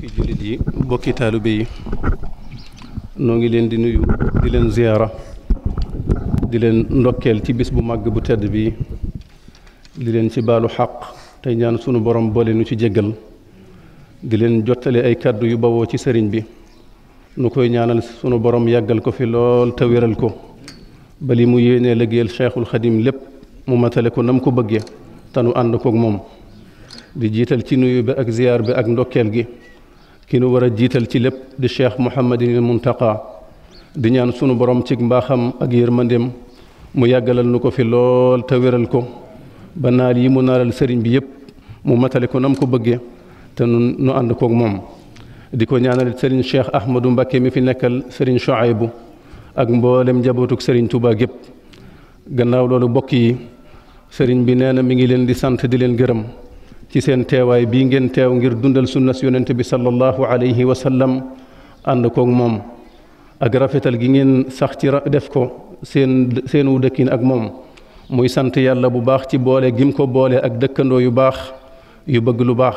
mbokki jullit yi mbokki taalibe yi noo ngi leen di nuyu di leen ziyaara di leen ndokkeel ci bis bu màgg bu tedd bi di leen ci baalu xaq tey ñaan sunu borom boole nu ci jéggal di leen jottale ay kàddu yu bawoo ci sëriñ bi nu koy ñaanal sunu borom yàggal ko fi lool te wéral ko ba li mu yéenee liggéeyal Cheikhul Xadim lépp mu matale ko nam ko bëggee te nu ànd koog moom di jiital ci nuyu bi ak ziyaar bi ak ndokkeel gi ki nu war a jiital ci lépp di cheikh Mouhamadinil Muntaqa di ñaan sunu borom cig mbaaxam ak yërmandeem mu yàggalal nu ko fi lool te wéral ko ba naal yi mu naalal sëriñ bi yëpp mu matale ko nam ko bëggee te nu nu ànd koog moom. di ko ñaanal sëriñ cheikh Ahmadou Mbacké mi fi nekkal sëriñ ay Chouaïbou ak mboolem njabootug sëriñ Touba yépp gannaaw loolu bokk yi sëriñ bi nee na mi ngi leen di sant di leen gërëm. ci seen teewaay bii ngeen teew ngir dundal sunna si yonent bi sallallahu alayhi wa sallam ànd koog moom ak rafetal gi ngeen sax ci def ko seen seenu dëkkin ak moom muy sant yàlla bu baax ci boole gim ko boole ak dëkkandoo yu baax yu bëgg lu baax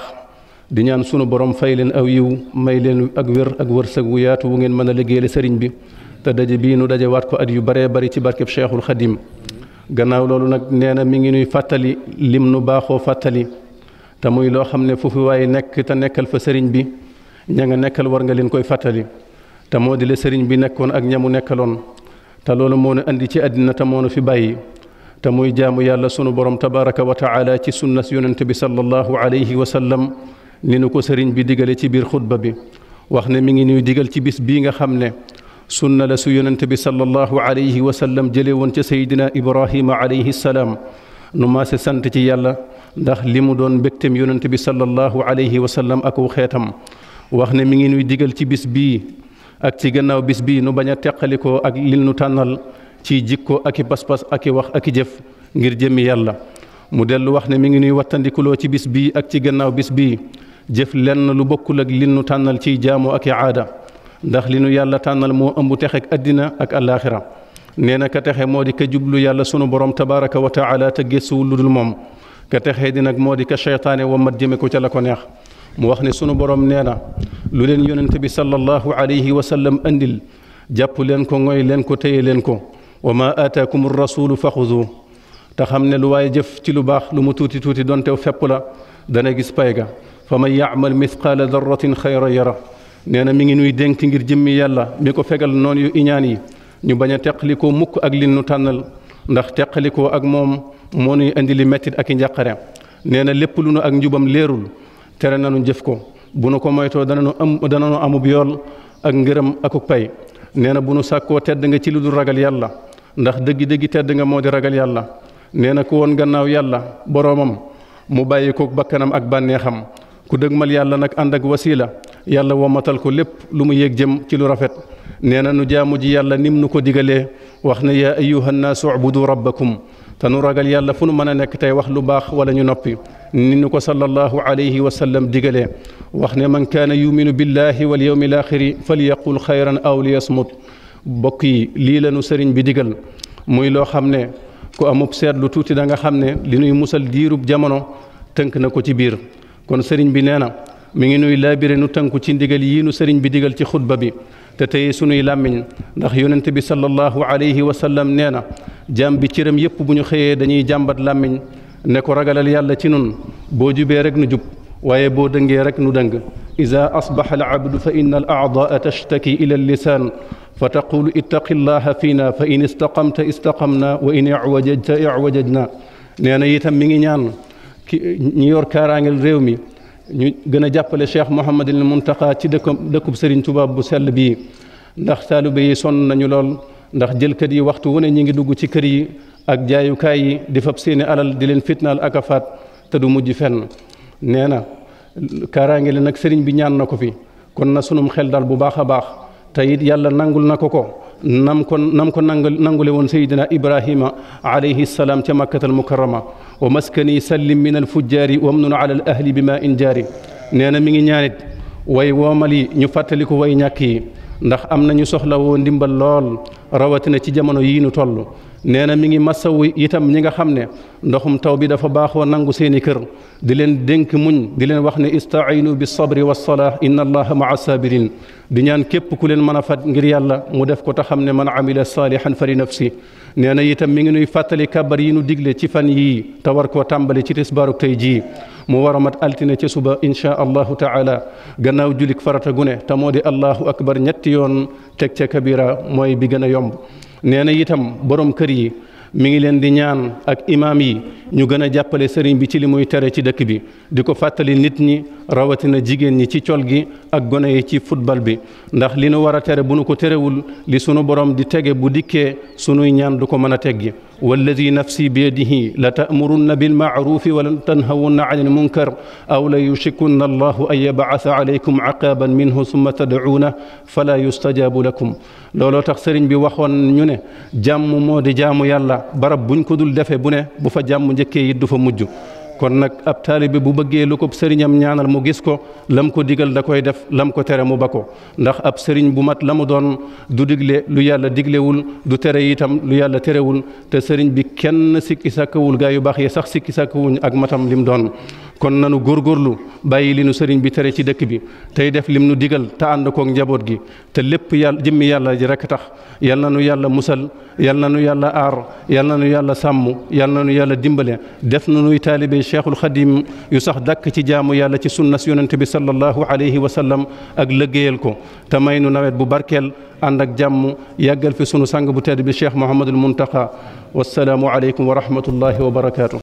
di ñaan sunu borom fay leen aw yiw may leen ak wér ak wërsëg wu yaatu wu ngeen mën a liggéeyale sëriñ bi te daje bii nu daje waat ko at yu baree bari ci barkeb Cheikhul Xadim gannaaw loolu nag nee na mi ngi fàttali lim nu baaxoo fàttali te muy loo xam ne foofu waaye nekk te nekkal fa sëriñ bi ña nga nekkal war nga leen koy fàttali te moo di la sëriñ bi nekkoon ak ñamu nekkaloon te loolu moo andi ci àddina te moo fi bàyyi te muy jaamu yàlla sunu borom tabaraka wa taala ci sunnas yonent bi sallallahu alayhi wa sallam ni nu ko sëriñ bi digale ci biir xutba bi wax ne mi ngi nuy digal ci bis bii nga xam ne sunna la su yonent bi sallallahu alayhi wa sallam jële woon ca sayidina ibrahima alayhi salaam nu maase sant ci yàlla ndax li mu doon yonent bi sallallahu alayhi wa sallam ak wu xeetam wax ne mi ngi nuy digal ci bis bii ak ci gannaaw bis bii nu bañ a teqalikoo ak lil nu tànnal ci jikko ak i pas-pas ak i wax ak i jëf ngir jëmmi yàlla mu dellu wax ne mi ngi nuy wattandikuloo ci bis bii ak ci gannaaw bis bii jëf lenn lu bokkul ak lil nu tànnal ci jaamu ak i aada ndax li nu yàlla tànnal moo ëmb texek àddina ak àllaaxira nee na ka texe moo di ka jublu yàlla sunu borom tabaraka wa taala te gëstuwul lu dul moom ka texee di nag moo di ka cheytaane wammat jëme ko ca la ko neex mu wax ne sunu borom nee na lu leen yonent bi sallallahu alayhi wa sallam andil jàpp leen ko ngoy leen ko téye leen ko wa ma aataakum rasulu fa xudu te xam ne lu waaye jëf ci lu baax lu mu tuuti tuuti donte fepp la dana gis payga fa man yaamal mithqaala darratin xayra yara nee na mi ngi nuy dénk ngir jëmmi yàlla mi ko fegal noonu yu iñaan yi ñu bañ a teqlikoo mukk ak li nu tànnal ndax teqalikoo ak moom moo nuy indi li mettit ak i njàqareem nee na lépp lu nu ak njubam leerul tere nanu jëf ko bu nu ko moytoo dananu am dananu amub yool ak ngërëm akuk pay nee na bu nu sàkkoo tedd nga ci lu dul ragal yàlla ndax dëggi-dëggi tedd nga moo ragal yàlla nee ku woon gannaaw yàlla boroomam mu bàyyi ko bakkanam ak bànneexam ku dëgmal yàlla nag ànd ak wasiila yàlla womatal ko lépp lu mu yéeg jëm ci lu rafet nee nu jaamu ji yàlla nim nu ko digalee wax ne yaa ayuha nnaasu ubudu rabbakum te nu ragal yàlla fu nu mën a nekk wax lu baax wala ñu noppi ni ñu ko sallallahu alayhi wa sallam digalee wax ne man kaana yuminu billahi wal yawmil axiri falyaqul xayran aw liyasmut bokk yi lii la nu sëriñ bi digal muy loo xam ne ku amub seetlu tuuti da nga xam li nuy musal diirub jamono tënk na ko ci biir kon sëriñ bi nee mingi ngi nuy laabire nu tënku ci ndigal yi nu sëriñ bi digal ci xutba bi te tey sunuy làmmiñ ndax yonent bi sallallahu alayhi wa sallam nee na jaam bi cëram yépp bu ñu xëyee dañuy jàmbat làmmiñ ne ko ragalal yàlla ci nun boo jubee rek nu jub waaye boo dëngee rek nu dëng ida asbaxa alabdu fa in alaadaa tashtaki ila allisaan fa taqulu ittaqi llaha fiina fa in istaqamta istaqamna wa in iwajajta iwajajna nee na itam ñu gën jàppale cheikh el Mountakha ci dekkum dekkum Serigne Touba bu sel bi ndax talibé yi sonn nañu lool ndax jëlkat yi waxtu wone ñi ngi dugg ci kër yi ak kay yi di fab seeni alal di len fitnal ak te du mujj fenn nee karangé li nak serigne bi ñaan nako fi kon na sunum xel dal bu baaxa baax تايد يالا نانغول نكوكو نم كون نم كون سيدنا ابراهيم عليه السلام في مكه المكرمه ومسكني سلم من الفجار وامن على الاهل بما ان جاري نانا ميغي نيانيت واي ومالي ني فاتليكو واي نياكي امنا ني سوخلا وو ديمبال لول رواتنا سي جامونو يي nee na mi ngi masawu itam ñi nga xam ne ndoxum taw bi dafa baaxoo nangu seeni kër di leen dénk muñ di leen wax ne istaayinu bi sabri wa salaa inna allaha maa sabirin di ñaan képp ku leen mën a faj ngir yàlla mu def ko te xam ne man amila saalihan fari li nafsi nee na itam mi ngi nuy fàttali kabar yi nu digle ci fan yii te war koo tàmbali ci tisbaaruk tey jii mu war a mat altine ci suba inchaa allahu taala gannaaw julik farata gune te moo di allahu akbar ñetti yoon teg ca kabira mooy bi gën a yomb nee na itam borom kër yi mi ngi di ñaan ak imam yi ñu gëna jàppale sëriñ bi ci li muy tere ci dëkk bi diko fatali nit ñi na jigen ñi ci ciol gi ak gone yi ci football bi ndax li nu wara tere bu nu ko terewul li sunu borom di tege bu dikké suñu ñaan du ko mën a teggi walladi nafsi biyadihi la taamurunna bilmaarufi wala tanhawunna an almunkar aw la yushikunna allahu an yabcasa alaykum caqaban minhu summa tadcuuna fala yustajabu lakum looloo tax sëriñ bi waxoon ñu ne di yàlla barab buñ ko dul defee bu ne bu fa jàmm njëkkee yi du fa mujj kon nag ab taalibe bu bëggee lu ko sëriñam ñaanal mu gis ko lam ko digal da koy def lam ko tere mu ba ko ndax ab sëriñ bu mat la mu doon du digle lu yàlla diglewul du tere itam lu yàlla terewul te sëriñ bi kenn sikki sàkkawul gaa yu baax yi sax sikki sàkkawuñ ak matam lim doon kon nanu góorgóorlu bàyyi li nu sëriñ bi tere ci dëkk bi tey def lim nu digal te ànd koog njaboot gi te lépp yàlla jëmmi yàlla ji rek tax yal na nu yàlla musal yal na nu yàlla aar yal yàlla sàmm yal yàlla dimbale الشيخ الخديم يصح دك تي جامو يالا سنه يونت بي الله عليه وسلم اك لغيل كو تماينو نويت بو باركل في سونو سانغ بو الشيخ محمد المنتقى والسلام عليكم ورحمه الله وبركاته